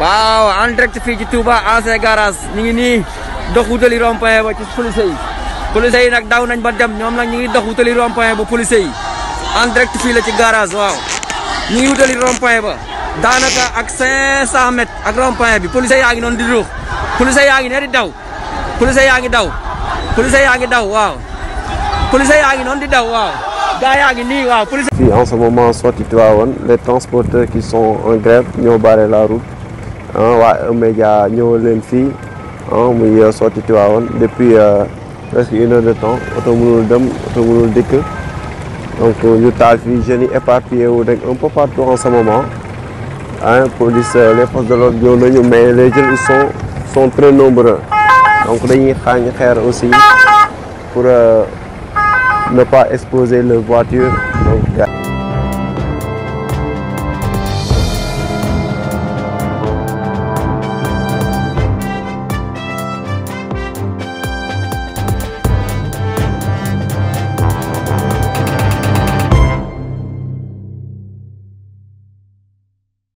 waaw en direct fii ci Touba ancien garage ñu ngi nii dox wutali rond-point ba police yi police nag daw nañ ba dem ñoom nag ñu ngi dox wutali rond ba police yi en direct fii la ci garage waaw ñu ngi wutali rond-point ba daanaka ak 500 mètres ak rond bi police yaa ngi noonu di ruux police yaa ngi ne daw police yaa ngi daw police yaa ngi daw waaw police yaa ngi noonu di daw waaw gaa yaa ngi nii waaw police. fii en ce moment soit tu vois les transporteurs qui sont en grève ñoo barré la route. waa E-Media leen fii muy euh, sotti Tivaouane depuis euh, presque une heure de temps oto mënul dem oto mënul dikk donc euh, ñu taal fii jeunes yi éparpillé wu rek un peu partout en ce moment ah les forces de l'ordre ñëw nañu mais le jeunes ils sont sont très nombreux donc dañuy xaañ xeer aussi pour euh, ne pas exposer leur voiture